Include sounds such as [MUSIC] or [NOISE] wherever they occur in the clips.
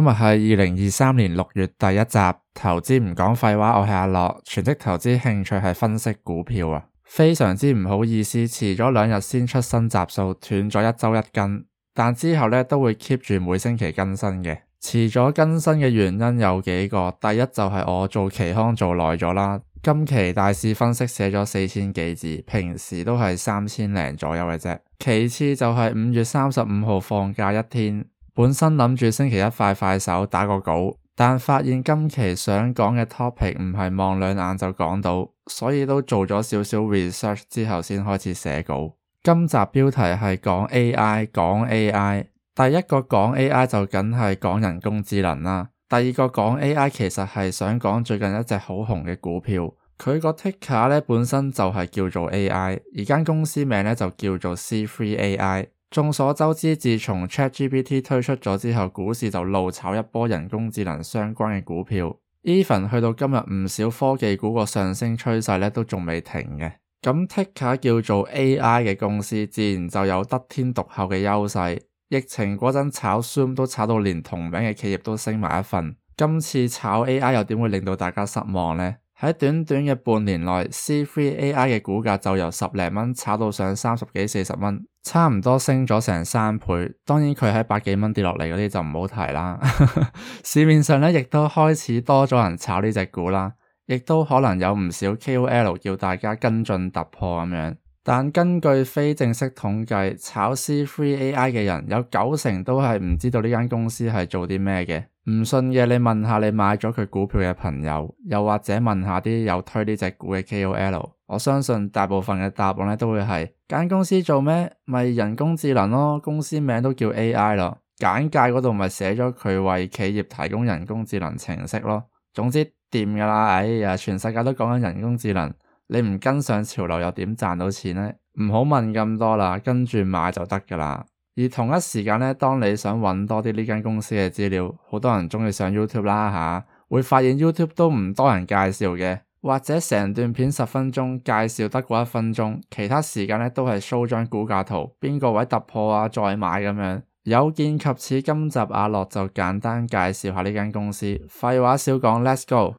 今日係二零二三年六月第一集，投資唔講廢話，我係阿樂，全職投資興趣係分析股票啊，非常之唔好意思，遲咗兩日先出新集數，斷咗一周一更，但之後咧都會 keep 住每星期更新嘅。遲咗更新嘅原因有幾個，第一就係我做期刊做耐咗啦，今期大市分析寫咗四千幾字，平時都係三千零左右嘅啫。其次就係五月三十五號放假一天。本身諗住星期一快快手打個稿，但發現今期想講嘅 topic 唔係望兩眼就講到，所以都做咗少少 research 之後先開始寫稿。今集標題係講 AI，講 AI。第一個講 AI 就緊係講人工智能啦。第二個講 AI 其實係想講最近一隻好紅嘅股票，佢個 ticker 咧本身就係叫做 AI，而間公司名咧就叫做 C3.AI。眾所周知，自從 ChatGPT 推出咗之後，股市就怒炒一波人工智能相關嘅股票。Even 去到今日，唔少科技股個上升趨勢咧都仲未停嘅。咁 ticker 叫做 AI 嘅公司，自然就有得天獨厚嘅優勢。疫情嗰陣炒 Zoom 都炒到連同名嘅企業都升埋一份，今次炒 AI 又點會令到大家失望呢？喺短短嘅半年內 C3 AI 嘅股價就由十零蚊炒到上三十幾、四十蚊，差唔多升咗成三倍。當然佢喺百幾蚊跌落嚟嗰啲就唔好提啦。 [LAUGHS] 市面上咧亦都開始多咗人炒呢隻股啦，亦都可能有唔少 KOL 叫大家跟進突破咁樣。但根據非正式統計，炒 C3 AI 嘅人有九成都係唔知道呢間公司係做啲咩嘅。唔信嘅，你問下你買咗佢股票嘅朋友，又或者問下啲有推呢隻股嘅 KOL，我相信大部分嘅答案咧都會係間公司做咩？咪人工智能咯，公司名都叫 AI 咯，簡介嗰度咪寫咗佢為企業提供人工智能程式咯。總之掂㗎啦，哎呀，全世界都講緊人工智能，你唔跟上潮流又點賺到錢呢？唔好問咁多啦，跟住買就得㗎啦。而同一時間咧，當你想揾多啲呢間公司嘅資料，好多人鍾意上 YouTube 啦嚇、啊，會發現 YouTube 都唔多人介紹嘅，或者成段片十分鐘介紹得過一分鐘，其他時間咧都係 show 張股價圖，邊個位突破啊，再買咁樣。有見及此，今集阿樂就簡單介紹下呢間公司。廢話少講，Let's go。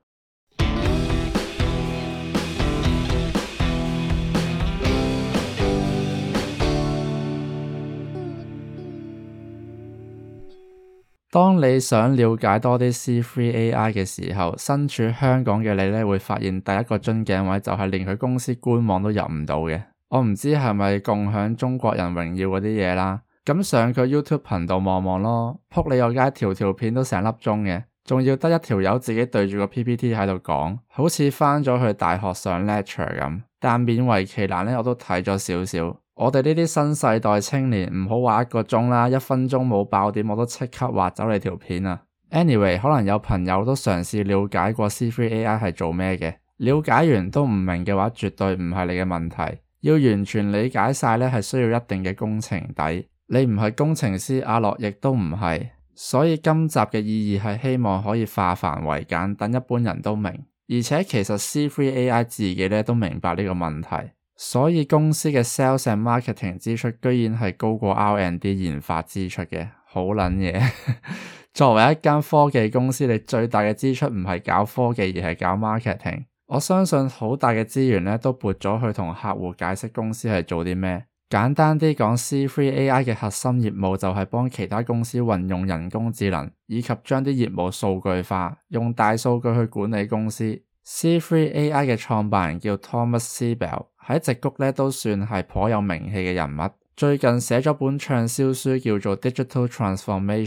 當你想了解多啲 C-free AI 嘅時候，身處香港嘅你咧，會發現第一個樽頸位就係連佢公司官網都入唔到嘅。我唔知係咪共享中國人榮耀嗰啲嘢啦。咁上佢 YouTube 頻道望望咯，扑你個街條條片都成粒鐘嘅，仲要得一條友自己對住個 PPT 喺度講，好似翻咗去大學上 lecture 咁。但勉為其難咧，我都睇咗少少。我哋呢啲新世代青年唔好話一個鐘啦，一分鐘冇爆點，我都即刻劃走你條片啊！Anyway，可能有朋友都嘗試了解過 C3 AI 係做咩嘅，了解完都唔明嘅話，絕對唔係你嘅問題。要完全理解晒咧，係需要一定嘅工程底。你唔係工程師，阿樂亦都唔係，所以今集嘅意義係希望可以化繁為簡，等一般人都明。而且其實 C3 AI 自己咧都明白呢個問題。所以公司嘅 sales and marketing 支出居然係高過 R and D 研發支出嘅，好捻嘢！ [LAUGHS] 作為一間科技公司，你最大嘅支出唔係搞科技，而係搞 marketing。我相信好大嘅資源咧都撥咗去同客戶解釋公司係做啲咩。簡單啲講，C3 AI 嘅核心業務就係幫其他公司運用人工智能，以及將啲業務數據化，用大數據去管理公司。C3 AI 嘅創辦人叫 Thomas Siebel，喺矽谷都算係頗有名氣嘅人物。最近寫咗本暢銷書叫做《Digital Transformation》，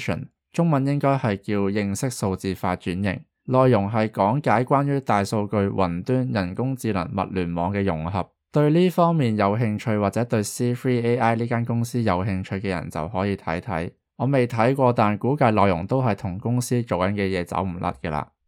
中文應該係叫認識數字化轉型。內容係講解關於大數據、雲端、人工智能、物聯網嘅融合。對呢方面有興趣或者對 C3 AI 呢間公司有興趣嘅人就可以睇睇。我未睇過，但估計內容都係同公司做緊嘅嘢走唔甩嘅啦。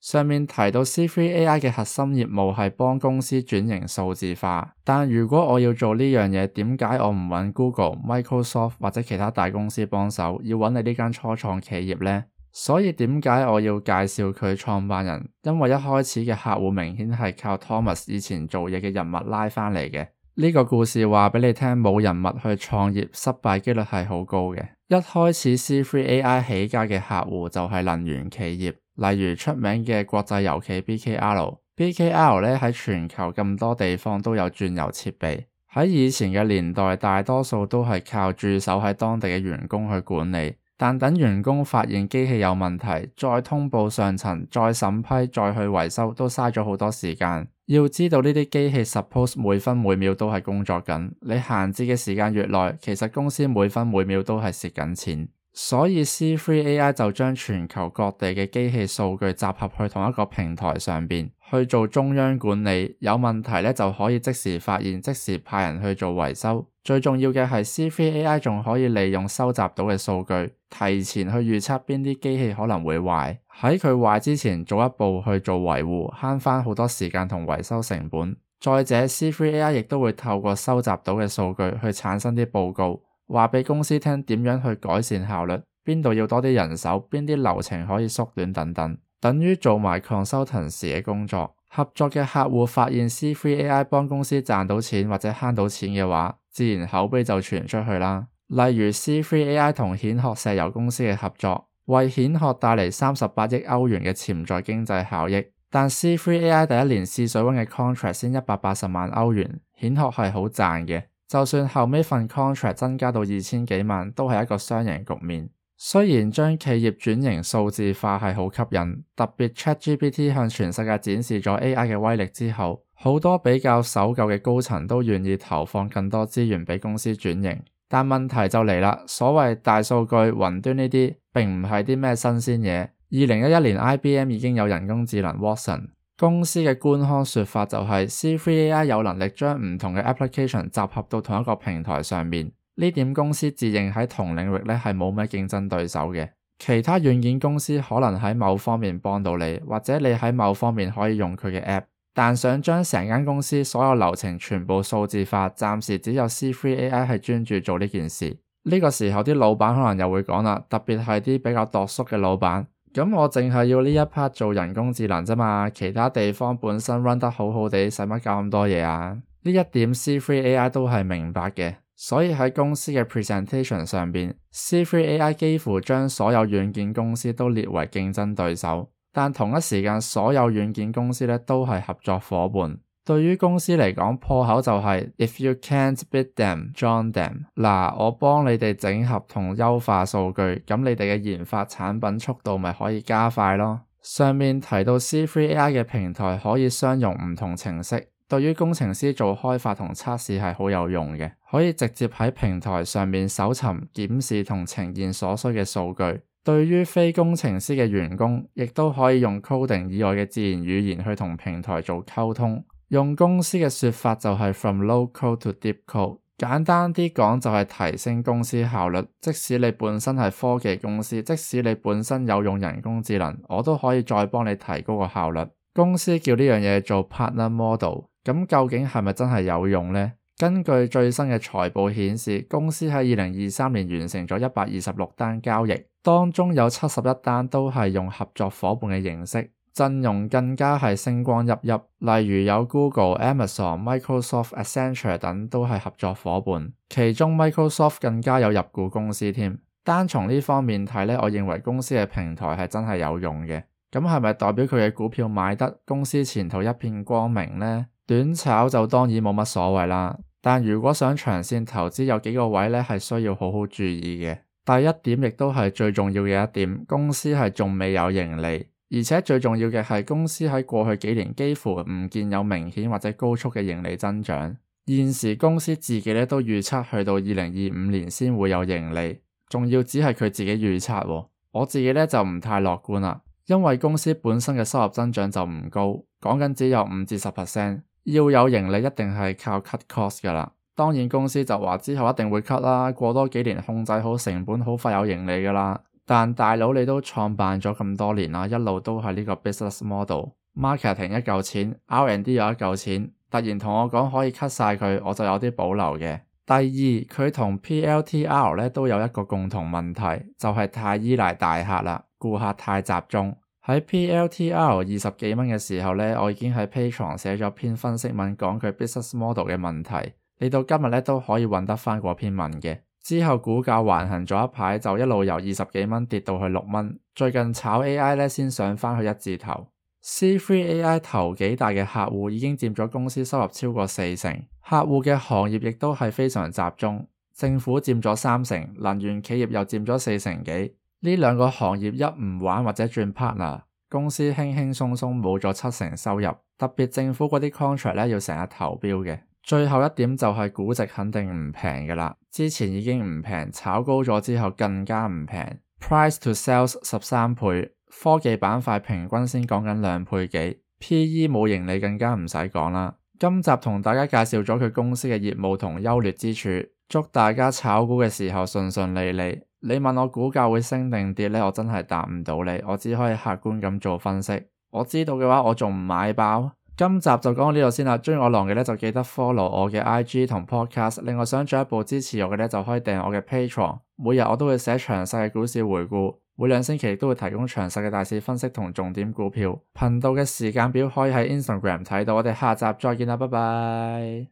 上面提到 C3 AI 嘅核心業務係幫公司轉型數字化，但如果我要做呢樣嘢，點解我唔揾 Google、Microsoft 或者其他大公司幫手，要揾你呢間初創企業呢？所以點解我要介紹佢創辦人？因為一開始嘅客戶明顯係靠 Thomas 以前做嘢嘅人物拉翻嚟嘅。呢個故事話俾你聽，冇人物去創業，失敗幾率係好高嘅。一開始 C3 AI 起家嘅客戶就係能源企業。例如出名嘅國際油企 BKR，BKR 咧喺全球咁多地方都有轉油設備。喺以前嘅年代，大多數都係靠駐守喺當地嘅員工去管理。但等員工發現機器有問題，再通報上層，再審批，再去維修，都嘥咗好多時間。要知道呢啲機器 suppose 每分每秒都係工作緊，你閒置嘅時間越耐，其實公司每分每秒都係蝕緊錢。所以 C3 AI 就將全球各地嘅機器數據集合去同一個平台上邊去做中央管理，有問題呢，就可以即時發現，即時派人去做維修。最重要嘅係 C3 AI 仲可以利用收集到嘅數據，提前去預測邊啲機器可能會壞，喺佢壞之前做一步去做維護，慳翻好多時間同維修成本。再者，C3 AI 亦都會透過收集到嘅數據去產生啲報告。話俾公司聽，點樣去改善效率，邊度要多啲人手，邊啲流程可以縮短等等，等於做埋 consultant 時嘅工作。合作嘅客戶發現 C3 AI 幫公司賺到錢或者慳到錢嘅話，自然口碑就傳出去啦。例如 C3 AI 同蜆殼石油公司嘅合作，為蜆殼帶嚟三十八億歐元嘅潛在經濟效益。但 C3 AI 第一年試水溫嘅 contract 先一百八十萬歐元，蜆殼係好賺嘅。就算後尾份 contract 增加到二千幾萬，都係一個雙贏局面。雖然將企業轉型數字化係好吸引，特別 ChatGPT 向全世界展示咗 AI 嘅威力之後，好多比較守舊嘅高層都願意投放更多資源俾公司轉型。但問題就嚟啦，所謂大數據、雲端呢啲，並唔係啲咩新鮮嘢。二零一一年 IBM 已經有人工智能 Watson。公司嘅官方說法就係、是、C3 AI 有能力將唔同嘅 application 集合到同一個平台上面，呢點公司自認喺同領域咧係冇咩競爭對手嘅。其他軟件公司可能喺某方面幫到你，或者你喺某方面可以用佢嘅 app，但想將成間公司所有流程全部數字化，暫時只有 C3 AI 係專注做呢件事。呢、這個時候啲老闆可能又會講啦，特別係啲比較度縮嘅老闆。咁我淨係要呢一 part 做人工智能咋嘛，其他地方本身 run 得好好地，使乜搞咁多嘢啊？呢一點 C3 AI 都係明白嘅，所以喺公司嘅 presentation 上邊 C3 AI 幾乎將所有軟件公司都列為競爭對手，但同一時間所有軟件公司咧都係合作伙伴。對於公司嚟講，破口就係，If you can't beat them, join them。嗱，我幫你哋整合同優化數據，咁你哋嘅研發產品速度咪可以加快咯。上面提到 C3.ai 嘅平台可以相容唔同程式，對於工程師做開發同測試係好有用嘅，可以直接喺平台上面搜尋、檢視同呈現所需嘅數據。對於非工程師嘅員工，亦都可以用 coding 以外嘅自然語言去同平台做溝通。用公司嘅說法就係 from local to deep call，簡單啲講就係提升公司效率。即使你本身係科技公司，即使你本身有用人工智能，我都可以再幫你提高個效率。公司叫呢樣嘢做 partner model，咁究竟係咪真係有用呢？根據最新嘅財報顯示，公司喺二零二三年完成咗一百二十六單交易，當中有七十一單都係用合作夥伴嘅形式。陣容更加係星光熠熠，例如有 Google、Amazon、Microsoft、Accenture 等都係合作夥伴。其中 Microsoft 更加有入股公司添。單從呢方面睇呢，我認為公司嘅平台係真係有用嘅。咁係咪代表佢嘅股票買得，公司前途一片光明呢？短炒就當然冇乜所謂啦。但如果想長線投資，有幾個位呢係需要好好注意嘅。第一點亦都係最重要嘅一點，公司係仲未有盈利。而且最重要嘅係，公司喺過去幾年幾乎唔見有明顯或者高速嘅盈利增長。現時公司自己咧都預測去到二零二五年先會有盈利，仲要只係佢自己預測喎。我自己咧就唔太樂觀啦，因為公司本身嘅收入增長就唔高，講緊只有五至十 percent，要有盈利一定係靠 cut cost 㗎啦。當然公司就話之後一定會 cut 啦，過多幾年控制好成本，好快有盈利㗎啦。但大佬你都創辦咗咁多年啦，一路都係呢個 business model marketing 一嚿錢，R&D 又一嚿錢，突然同我講可以 cut 晒佢，我就有啲保留嘅。第二，佢同 PLTR 咧都有一個共同問題，就係、是、太依賴大客啦，顧客太集中。喺 PLTR 二十幾蚊嘅時候咧，我已經喺 Patreon 寫咗篇分析文講佢 business model 嘅問題，你到今日咧都可以揾得翻嗰篇文嘅。之後股價橫行咗一排，就一路由二十幾蚊跌到去六蚊。最近炒 AI 呢，先上翻去一字頭。C3 AI 頭幾大嘅客戶已經佔咗公司收入超過四成，客戶嘅行業亦都係非常集中。政府佔咗三成，能源企業又佔咗四成幾。呢兩個行業一唔玩或者轉 partner，公司輕輕鬆鬆冇咗七成收入。特別政府嗰啲 contract 呢，要成日投標嘅。最後一點就係估值肯定唔平㗎喇，之前已經唔平，炒高咗之後更加唔平。Price to sales 十三倍，科技板塊平均先講緊兩倍幾，PE 冇盈利更加唔使講啦。今集同大家介紹咗佢公司嘅業務同優劣之處，祝大家炒股嘅時候順順利利。你問我股價會升定跌呢？我真係答唔到你，我只可以客觀咁做分析。我知道嘅話我還不，我仲唔買爆？今集就講到呢度先啦。中意我浪嘅咧就記得 follow 我嘅 IG 同 podcast。另外想進一步支持我嘅咧就可以訂我嘅 Patreon。每日我都會寫詳細嘅股市回顧，每兩星期都會提供詳細嘅大市分析同重點股票。頻道嘅時間表可以喺 Instagram 睇到。我哋下集再見啦，拜拜。